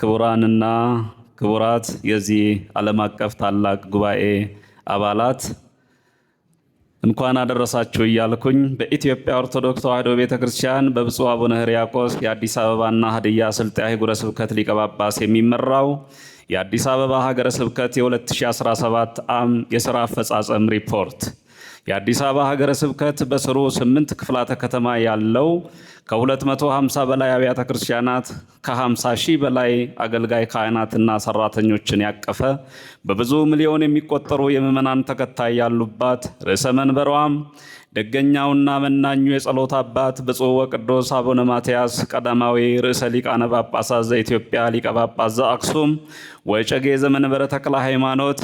ክቡራንና ክቡራት የዚህ ዓለም አቀፍ ታላቅ ጉባኤ አባላት እንኳን አደረሳችሁ እያልኩኝ በኢትዮጵያ ኦርቶዶክስ ተዋሕዶ ቤተ ክርስቲያን በብፁዕ አቡነ ሕርያቆስ የአዲስ አበባና ሀዲያ ስልጤ አህጉረ ስብከት ሊቀ ጳጳስ የሚመራው የአዲስ አበባ ሀገረ ስብከት የ2017 ዓ.ም የሥራ አፈጻጸም ሪፖርት የአዲስ አበባ ሀገረ ስብከት በስሩ ስምንት ክፍላተ ከተማ ያለው ከ250 በላይ አብያተ ክርስቲያናት ከ50 ሺህ በላይ አገልጋይ ካህናትና ሰራተኞችን ያቀፈ በብዙ ሚሊዮን የሚቆጠሩ የምዕመናን ተከታይ ያሉባት ርዕሰ መንበሯም ደገኛውና መናኙ የጸሎት አባት ብፁዕ ወቅዱስ አቡነ ማትያስ ቀዳማዊ ርዕሰ ሊቃነ ጳጳሳት ዘኢትዮጵያ ሊቀ ጳጳስ ዘአክሱም ወጨጌ ዘመንበረ ተክለ ሃይማኖት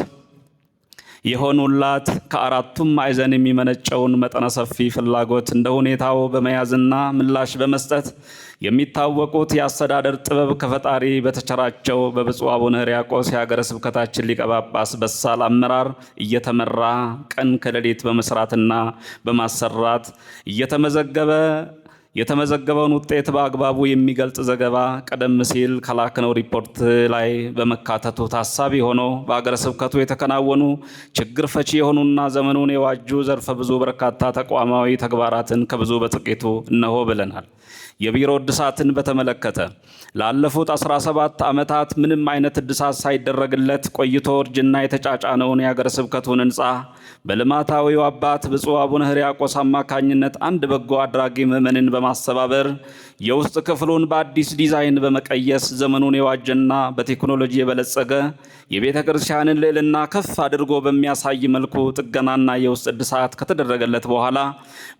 የሆኑላት ከአራቱም ማዕዘን የሚመነጨውን መጠነ ሰፊ ፍላጎት እንደ ሁኔታው በመያዝና ምላሽ በመስጠት የሚታወቁት የአስተዳደር ጥበብ ከፈጣሪ በተቸራቸው በብፁዕ አቡነ ሕርያቆስ የሀገረ ስብከታችን ሊቀ ጳጳስ በሳል አመራር እየተመራ ቀን ከሌሊት በመስራትና በማሰራት እየተመዘገበ የተመዘገበውን ውጤት በአግባቡ የሚገልጽ ዘገባ ቀደም ሲል ከላክነው ሪፖርት ላይ በመካተቱ ታሳቢ ሆኖ በአገረ ስብከቱ የተከናወኑ ችግር ፈቺ የሆኑና ዘመኑን የዋጁ ዘርፈ ብዙ በርካታ ተቋማዊ ተግባራትን ከብዙ በጥቂቱ እነሆ ብለናል። የቢሮ እድሳትን በተመለከተ ላለፉት 17 ዓመታት ምንም አይነት እድሳት ሳይደረግለት ቆይቶ እርጅና የተጫጫነውን የሀገረ ስብከቱን ህንፃ በልማታዊው አባት ብፁዕ አቡነ ሕርያቆስ አማካኝነት አንድ በጎ አድራጊ ምዕመንን በማስተባበር የውስጥ ክፍሉን በአዲስ ዲዛይን በመቀየስ ዘመኑን የዋጀና በቴክኖሎጂ የበለጸገ የቤተ ክርስቲያንን ልዕልና ከፍ አድርጎ በሚያሳይ መልኩ ጥገናና የውስጥ እድሳት ከተደረገለት በኋላ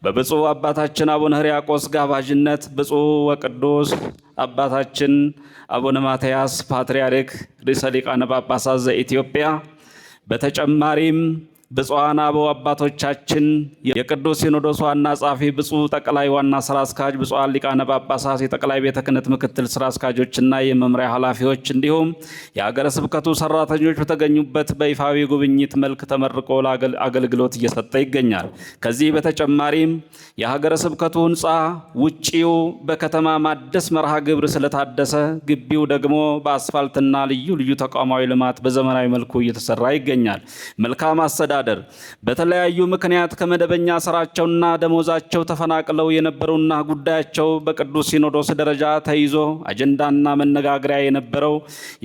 በብፁዕ አባታችን አቡነ ሕርያቆስ ጋባዥነት ብፁዕ ወቅዱስ አባታችን አቡነ ማትያስ ፓትርያርክ ርዕሰ ሊቃነ ጳጳሳት ዘኢትዮጵያ በተጨማሪም ብፁዓን አበው አባቶቻችን የቅዱስ ሲኖዶስ ዋና ጸሐፊ፣ ብፁዕ ጠቅላይ ዋና ስራ አስኪያጅ፣ ብፁዓን ሊቃነ ጳጳሳት፣ የጠቅላይ ቤተ ክህነት ምክትል ስራ አስኪያጆችና የመምሪያ ኃላፊዎች እንዲሁም የሀገረ ስብከቱ ሰራተኞች በተገኙበት በይፋዊ ጉብኝት መልክ ተመርቆ አገልግሎት እየሰጠ ይገኛል። ከዚህ በተጨማሪም የሀገረ ስብከቱ ህንፃ ውጪው በከተማ ማደስ መርሃ ግብር ስለታደሰ ግቢው ደግሞ በአስፋልትና ልዩ ልዩ ተቋማዊ ልማት በዘመናዊ መልኩ እየተሰራ ይገኛል። መልካም አሰዳ አስተዳደር በተለያዩ ምክንያት ከመደበኛ ስራቸውና ደሞዛቸው ተፈናቅለው የነበሩና ጉዳያቸው በቅዱስ ሲኖዶስ ደረጃ ተይዞ አጀንዳና መነጋገሪያ የነበረው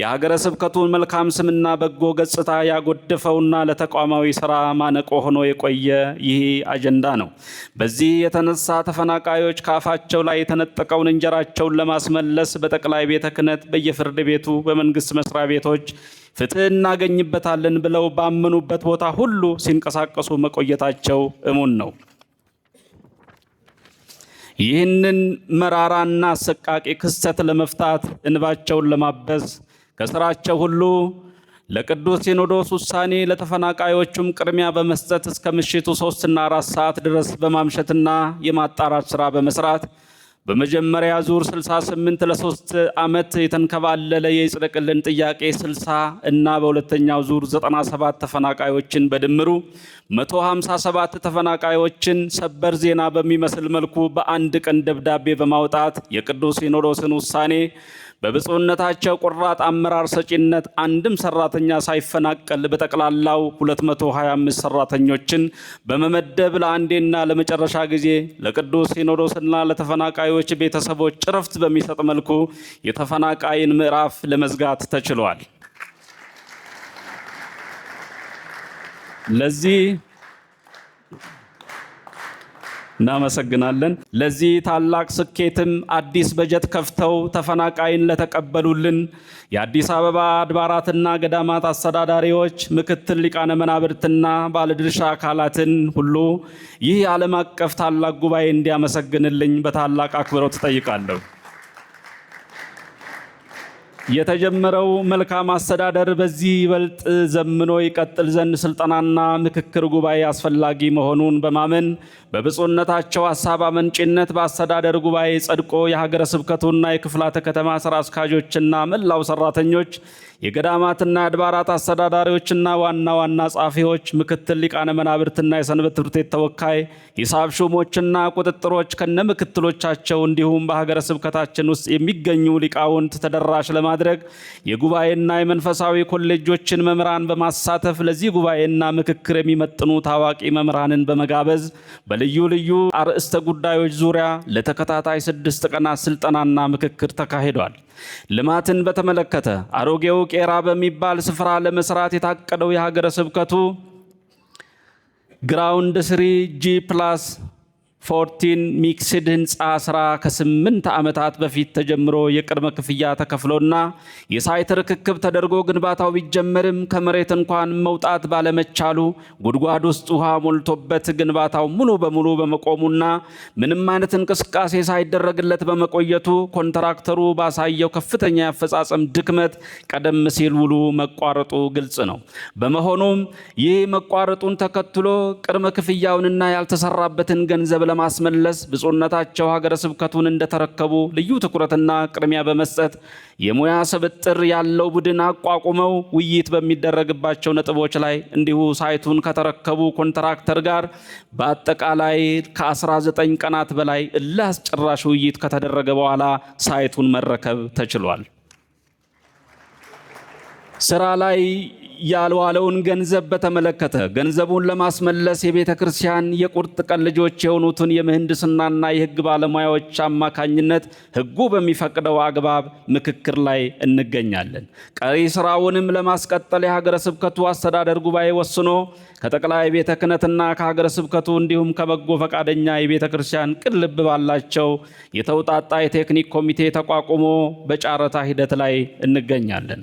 የሀገረ ስብከቱን መልካም ስምና በጎ ገጽታ ያጎደፈውና ለተቋማዊ ስራ ማነቆ ሆኖ የቆየ ይህ አጀንዳ ነው። በዚህ የተነሳ ተፈናቃዮች ከአፋቸው ላይ የተነጠቀውን እንጀራቸውን ለማስመለስ በጠቅላይ ቤተ ክህነት፣ በየፍርድ ቤቱ፣ በመንግስት መስሪያ ቤቶች ፍትህ እናገኝበታለን ብለው ባመኑበት ቦታ ሁሉ ሲንቀሳቀሱ መቆየታቸው እሙን ነው። ይህንን መራራና አሰቃቂ ክስተት ለመፍታት እንባቸውን ለማበስ ከስራቸው ሁሉ ለቅዱስ ሲኖዶስ ውሳኔ ለተፈናቃዮቹም ቅድሚያ በመስጠት እስከ ምሽቱ ሶስትና አራት ሰዓት ድረስ በማምሸትና የማጣራት ስራ በመስራት በመጀመሪያ ዙር 68 ለ3 ዓመት የተንከባለለ የይጽደቅልን ጥያቄ 60 እና በሁለተኛው ዙር 97 ተፈናቃዮችን በድምሩ 157 ተፈናቃዮችን ሰበር ዜና በሚመስል መልኩ በአንድ ቀን ደብዳቤ በማውጣት የቅዱስ ሲኖዶስን ውሳኔ በብፁዕነታቸው ቁራጥ አመራር ሰጪነት አንድም ሰራተኛ ሳይፈናቀል በጠቅላላው 225 ሰራተኞችን በመመደብ ለአንዴና ለመጨረሻ ጊዜ ለቅዱስ ሲኖዶስና ለተፈናቃዮች ቤተሰቦች ጭረፍት በሚሰጥ መልኩ የተፈናቃይን ምዕራፍ ለመዝጋት ተችሏል። ለዚህ እናመሰግናለን። ለዚህ ታላቅ ስኬትም አዲስ በጀት ከፍተው ተፈናቃይን ለተቀበሉልን የአዲስ አበባ አድባራትና ገዳማት አስተዳዳሪዎች፣ ምክትል ሊቃነ መናብርትና ባለድርሻ አካላትን ሁሉ ይህ የዓለም አቀፍ ታላቅ ጉባኤ እንዲያመሰግንልኝ በታላቅ አክብሮት እጠይቃለሁ። የተጀመረው መልካም አስተዳደር በዚህ ይበልጥ ዘምኖ ይቀጥል ዘንድ ስልጠናና ምክክር ጉባኤ አስፈላጊ መሆኑን በማመን በብፁዕነታቸው ሀሳብ አመንጭነት በአስተዳደር ጉባኤ ጸድቆ የሀገረ ስብከቱና የክፍላተ ከተማ ስራ አስካዦችና መላው ሰራተኞች፣ የገዳማትና የአድባራት አስተዳዳሪዎችና ዋና ዋና ጻፊዎች ምክትል ሊቃነ መናብርትና የሰንበት ትምህርት ቤት ተወካይ፣ ሂሳብ ሹሞችና ቁጥጥሮች ከነ ምክትሎቻቸው እንዲሁም በሀገረ ስብከታችን ውስጥ የሚገኙ ሊቃውንት ተደራሽ ለማድረግ የጉባኤና የመንፈሳዊ ኮሌጆችን መምህራን በማሳተፍ ለዚህ ጉባኤና ምክክር የሚመጥኑ ታዋቂ መምህራንን በመጋበዝ በልዩ ልዩ አርዕስተ ጉዳዮች ዙሪያ ለተከታታይ ስድስት ቀናት ስልጠናና ምክክር ተካሂዷል። ልማትን በተመለከተ አሮጌው ቄራ በሚባል ስፍራ ለመስራት የታቀደው የሀገረ ስብከቱ ግራውንድ ስሪ ጂ ፕላስ ፎርቲን ሚክስድ ህንፃ ስራ ከስምንት ዓመታት በፊት ተጀምሮ የቅድመ ክፍያ ተከፍሎና የሳይት ርክክብ ተደርጎ ግንባታው ቢጀመርም ከመሬት እንኳን መውጣት ባለመቻሉ ጉድጓድ ውስጥ ውሃ ሞልቶበት ግንባታው ሙሉ በሙሉ በመቆሙና ምንም አይነት እንቅስቃሴ ሳይደረግለት በመቆየቱ ኮንትራክተሩ ባሳየው ከፍተኛ የአፈጻጸም ድክመት ቀደም ሲል ውሉ መቋረጡ ግልጽ ነው። በመሆኑም ይህ መቋረጡን ተከትሎ ቅድመ ክፍያውንና ያልተሰራበትን ገንዘብ ለማስመለስ ብፁዕነታቸው ሀገረ ስብከቱን እንደተረከቡ ልዩ ትኩረትና ቅድሚያ በመስጠት የሙያ ስብጥር ያለው ቡድን አቋቁመው ውይይት በሚደረግባቸው ነጥቦች ላይ እንዲሁ ሳይቱን ከተረከቡ ኮንትራክተር ጋር በአጠቃላይ ከ19 ቀናት በላይ እልህ አስጨራሽ ውይይት ከተደረገ በኋላ ሳይቱን መረከብ ተችሏል። ስራ ላይ ያልዋለውን ገንዘብ በተመለከተ ገንዘቡን ለማስመለስ የቤተ ክርስቲያን የቁርጥ ቀን ልጆች የሆኑትን የምህንድስናና የሕግ ባለሙያዎች አማካኝነት ሕጉ በሚፈቅደው አግባብ ምክክር ላይ እንገኛለን። ቀሪ ስራውንም ለማስቀጠል የሀገረ ስብከቱ አስተዳደር ጉባኤ ወስኖ ከጠቅላይ ቤተ ክህነትና ከሀገረ ስብከቱ እንዲሁም ከበጎ ፈቃደኛ የቤተ ክርስቲያን ቅልብ ባላቸው የተውጣጣ የቴክኒክ ኮሚቴ ተቋቁሞ በጨረታ ሂደት ላይ እንገኛለን።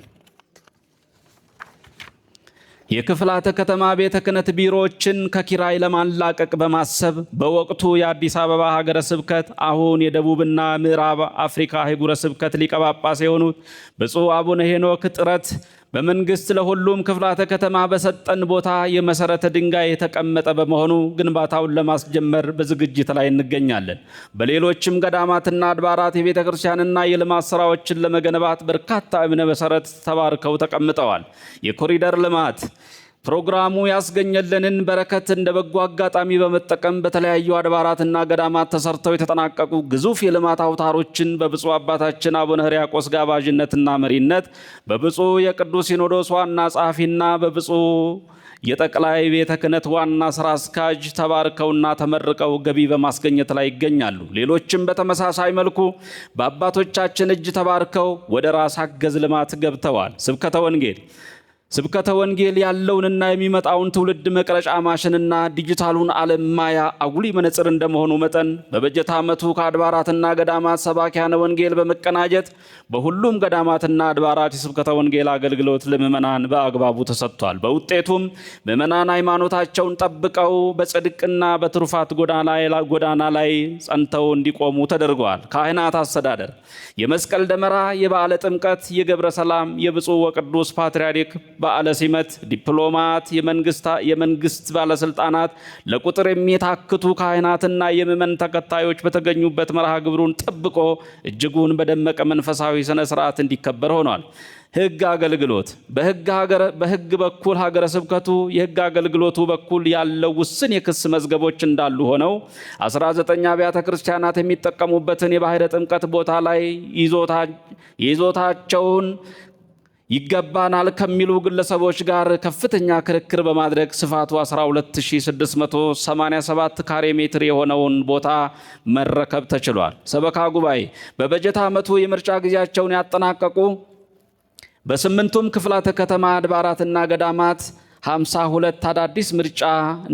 የክፍላተ ከተማ ቤተ ክህነት ቢሮዎችን ከኪራይ ለማላቀቅ በማሰብ በወቅቱ የአዲስ አበባ ሀገረ ስብከት አሁን የደቡብና ምዕራብ አፍሪካ አህጉረ ስብከት ሊቀ ጳጳስ የሆኑት ብፁዕ አቡነ ሄኖክ ጥረት በመንግስት ለሁሉም ክፍላተ ከተማ በሰጠን ቦታ የመሰረተ ድንጋይ የተቀመጠ በመሆኑ ግንባታውን ለማስጀመር በዝግጅት ላይ እንገኛለን። በሌሎችም ገዳማትና አድባራት የቤተ ክርስቲያንና የልማት ስራዎችን ለመገንባት በርካታ እብነ መሰረት ተባርከው ተቀምጠዋል። የኮሪደር ልማት ፕሮግራሙ ያስገኘልንን በረከት እንደ በጎ አጋጣሚ በመጠቀም በተለያዩ አድባራትና ገዳማት ተሰርተው የተጠናቀቁ ግዙፍ የልማት አውታሮችን በብፁዕ አባታችን አቡነ ሕርያቆስ ጋባዥነትና መሪነት በብፁዕ የቅዱስ ሲኖዶስ ዋና ጸሐፊና በብፁዕ የጠቅላይ ቤተ ክህነት ዋና ስራ አስኪያጅ ተባርከውና ተመርቀው ገቢ በማስገኘት ላይ ይገኛሉ። ሌሎችም በተመሳሳይ መልኩ በአባቶቻችን እጅ ተባርከው ወደ ራስ አገዝ ልማት ገብተዋል። ስብከተ ወንጌል ስብከተ ወንጌል ያለውንና የሚመጣውን ትውልድ መቅረጫ ማሽንና ዲጂታሉን ዓለም ማያ አጉሊ መነጽር እንደመሆኑ መጠን በበጀት ዓመቱ ከአድባራትና ገዳማት ሰባኪያነ ወንጌል በመቀናጀት በሁሉም ገዳማትና አድባራት የስብከተ ወንጌል አገልግሎት ለምዕመናን በአግባቡ ተሰጥቷል። በውጤቱም ምዕመናን ሃይማኖታቸውን ጠብቀው በጽድቅና በትሩፋት ጎዳና ላይ ጸንተው እንዲቆሙ ተደርገዋል። ካህናት አስተዳደር፣ የመስቀል ደመራ፣ የበዓለ ጥምቀት፣ የገብረ ሰላም፣ የብፁዕ ወቅዱስ ፓትርያርክ በዓለ ሲመት፣ ዲፕሎማት፣ የመንግስት ባለስልጣናት፣ ለቁጥር የሚታክቱ ካህናትና የምዕመን ተከታዮች በተገኙበት መርሃ ግብሩን ጠብቆ እጅጉን በደመቀ መንፈሳዊ ስነ ስርዓት እንዲከበር ሆኗል። ህግ አገልግሎት በህግ በኩል ሀገረ ስብከቱ የህግ አገልግሎቱ በኩል ያለው ውስን የክስ መዝገቦች እንዳሉ ሆነው 19 አብያተ ክርስቲያናት የሚጠቀሙበትን የባህረ ጥምቀት ቦታ ላይ ይዞታቸውን ይገባናል ከሚሉ ግለሰቦች ጋር ከፍተኛ ክርክር በማድረግ ስፋቱ 12687 ካሬ ሜትር የሆነውን ቦታ መረከብ ተችሏል። ሰበካ ጉባኤ በበጀት ዓመቱ የምርጫ ጊዜያቸውን ያጠናቀቁ በስምንቱም ክፍላተ ከተማ አድባራትና ገዳማት 52 አዳዲስ ምርጫ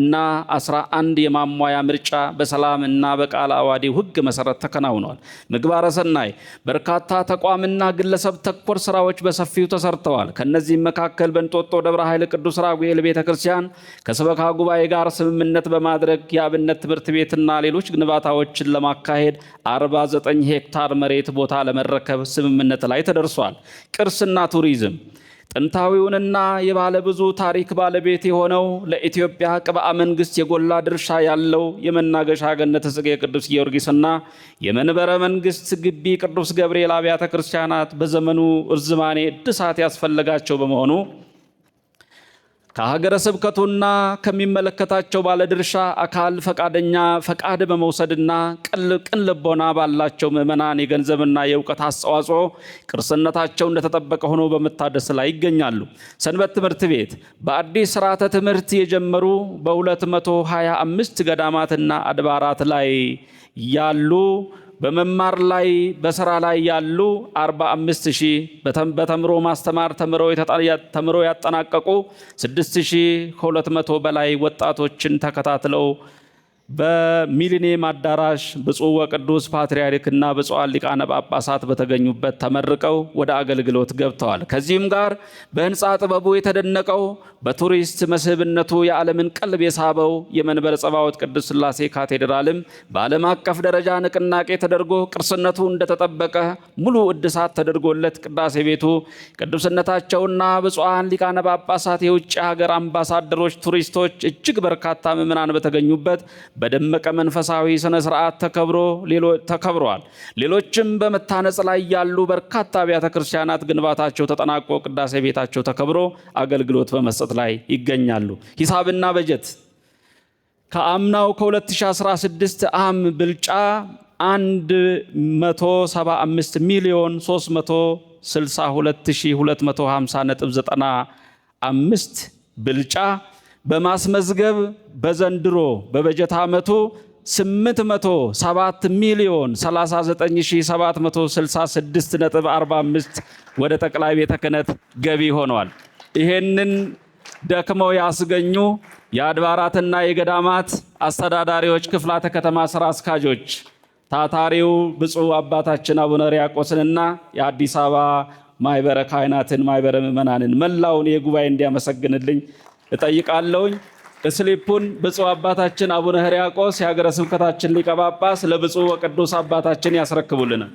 እና 11 የማሟያ ምርጫ በሰላም እና በቃለ ዓዋዲው ሕግ መሰረት ተከናውኗል። ምግባረ ሰናይ በርካታ ተቋምና ግለሰብ ተኮር ስራዎች በሰፊው ተሰርተዋል። ከነዚህም መካከል በእንጦጦ ደብረ ኃይል ቅዱስ ራጉኤል ቤተ ክርስቲያን ከስበካ ጉባኤ ጋር ስምምነት በማድረግ የአብነት ትምህርት ቤትና ሌሎች ግንባታዎችን ለማካሄድ 49 ሄክታር መሬት ቦታ ለመረከብ ስምምነት ላይ ተደርሷል። ቅርስና ቱሪዝም ጥንታዊውንና የባለ ብዙ ታሪክ ባለቤት የሆነው ለኢትዮጵያ ቅብአ መንግስት የጎላ ድርሻ ያለው የመናገሻ ገነተ ጽጌ ቅዱስ ጊዮርጊስና የመንበረ መንግስት ግቢ ቅዱስ ገብርኤል አብያተ ክርስቲያናት በዘመኑ እርዝማኔ እድሳት ያስፈለጋቸው በመሆኑ ከሀገረ ስብከቱና ከሚመለከታቸው ባለድርሻ አካል ፈቃደኛ ፈቃድ በመውሰድና ቅን ልቦና ባላቸው ምዕመናን የገንዘብና የእውቀት አስተዋጽኦ ቅርስነታቸው እንደተጠበቀ ሆኖ በመታደስ ላይ ይገኛሉ። ሰንበት ትምህርት ቤት በአዲስ ስርዓተ ትምህርት የጀመሩ በ225 ገዳማትና አድባራት ላይ ያሉ በመማር ላይ በስራ ላይ ያሉ 45 ሺህ በተምሮ ማስተማር ተምሮ ያጠናቀቁ 6200 በላይ ወጣቶችን ተከታትለው በሚሊኒየም አዳራሽ ብፁዕ ወቅዱስ ፓትርያርክና ብፁዓን ሊቃነ ጳጳሳት በተገኙበት ተመርቀው ወደ አገልግሎት ገብተዋል። ከዚህም ጋር በሕንፃ ጥበቡ የተደነቀው በቱሪስት መስህብነቱ የዓለምን ቀልብ የሳበው የመንበረ ጸባዖት ቅዱስ ሥላሴ ካቴድራልም በዓለም አቀፍ ደረጃ ንቅናቄ ተደርጎ ቅርስነቱ እንደተጠበቀ ሙሉ እድሳት ተደርጎለት ቅዳሴ ቤቱ ቅዱስነታቸውና ብፁዓን ሊቃነ ጳጳሳት የውጭ ሀገር አምባሳደሮች፣ ቱሪስቶች፣ እጅግ በርካታ ምዕመናን በተገኙበት በደመቀ መንፈሳዊ ስነ ስርዓት ተከብሮ ተከብሯል። ሌሎችም በመታነጽ ላይ ያሉ በርካታ አብያተ ክርስቲያናት ግንባታቸው ተጠናቆ ቅዳሴ ቤታቸው ተከብሮ አገልግሎት በመስጠት ላይ ይገኛሉ። ሂሳብና በጀት ከአምናው ከ2016 አም ብልጫ 175 ሚሊዮን 362250.95 ብልጫ በማስመዝገብ በዘንድሮ በበጀት ዓመቱ 807 ሚሊዮን 39766.45 ወደ ጠቅላይ ቤተ ክህነት ገቢ ሆኗል። ይሄንን ደክመው ያስገኙ የአድባራትና የገዳማት አስተዳዳሪዎች፣ ክፍላተ ከተማ ስራ አስካጆች፣ ታታሪው ብፁዕ አባታችን አቡነ ሪያቆስንና የአዲስ አበባ ማይበረ ካህናትን ማይበረ ምዕመናንን መላውን የጉባኤ እንዲያመሰግንልኝ እጠይቃለሁኝ። እስሊፑን ብፁዕ አባታችን አቡነ ሕርያቆስ የሀገረ ስብከታችን ሊቀ ጳጳስ ለብፁዕ ወቅዱስ አባታችን ያስረክቡልናል።